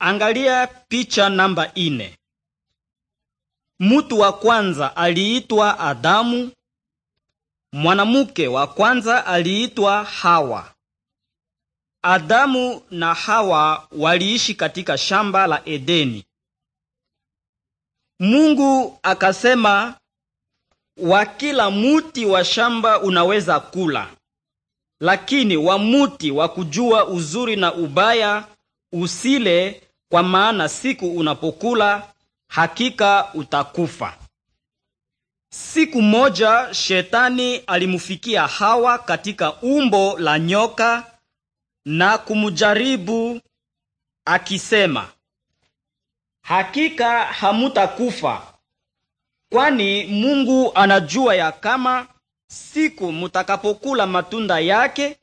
Angalia picha namba ine. Mutu wa kwanza aliitwa Adamu, mwanamuke wa kwanza aliitwa Hawa. Adamu na Hawa waliishi katika shamba la Edeni. Mungu akasema, wa kila muti wa shamba unaweza kula, lakini wa muti wa kujua uzuri na ubaya usile, kwa maana siku unapokula hakika utakufa. Siku moja shetani alimfikia Hawa katika umbo la nyoka na kumjaribu akisema, hakika hamutakufa, kwani Mungu anajua ya kama siku mutakapokula matunda yake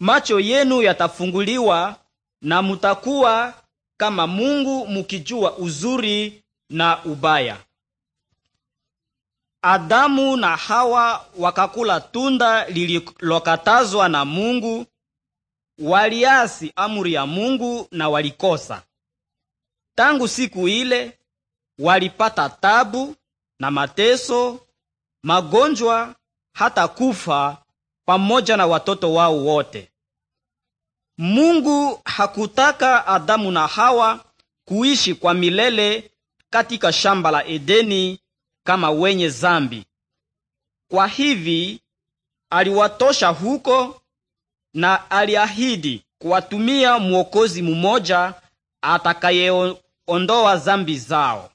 macho yenu yatafunguliwa na mutakuwa kama Mungu mukijua uzuri na ubaya. Adamu na Hawa wakakula tunda lililokatazwa na Mungu, waliasi amri ya Mungu na walikosa. Tangu siku ile walipata tabu na mateso, magonjwa hata kufa pamoja na watoto wao wote. Mungu hakutaka Adamu na Hawa kuishi kwa milele katika shamba la Edeni kama wenye zambi. Kwa hivi aliwatosha huko na aliahidi kuwatumia mwokozi mmoja atakayeondoa zambi zao.